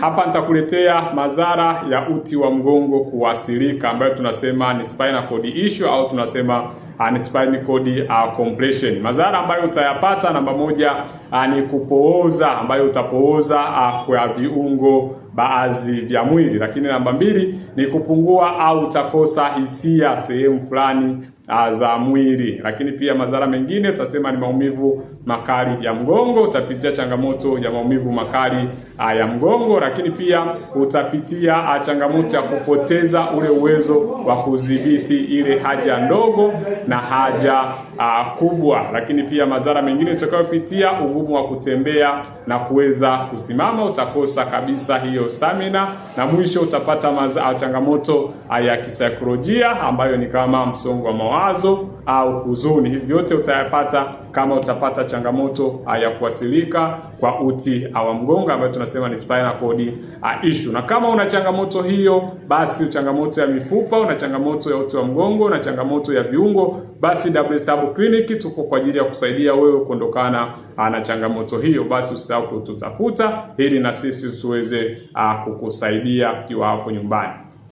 Hapa nitakuletea madhara ya uti wa mgongo kuwasilika, ambayo tunasema ni spinal cord issue au tunasema Ah, ni spinal cord uh, compression. Madhara ambayo utayapata, namba moja uh, ni kupooza, ambayo utapooza uh, kwa viungo baadhi vya mwili, lakini namba mbili ni kupungua au utakosa hisia sehemu fulani za mwili. Lakini pia madhara mengine utasema ni maumivu makali ya mgongo, utapitia changamoto ya maumivu makali ya mgongo, lakini pia utapitia changamoto ya kupoteza ule uwezo wa kudhibiti ile haja ndogo, na haja uh, kubwa, lakini pia madhara mengine utakayopitia, ugumu wa kutembea na kuweza kusimama, utakosa kabisa hiyo stamina, na mwisho utapata maza, ah, changamoto ah, ya kisaikolojia ambayo ni kama msongo wa mawazo au huzuni. Hivi vyote utayapata kama utapata changamoto ya kuwasilika kwa uti wa mgongo ambayo tunasema ni spinal cord issue. Na kama una changamoto hiyo, basi changamoto ya mifupa, una changamoto ya uti wa mgongo, una changamoto ya viungo basi WSAB Clinic tuko kwa ajili ya kusaidia wewe kuondokana ah, na changamoto hiyo. Basi usisahau kututafuta ili na sisi tuweze ah, kukusaidia ukiwa hapo nyumbani.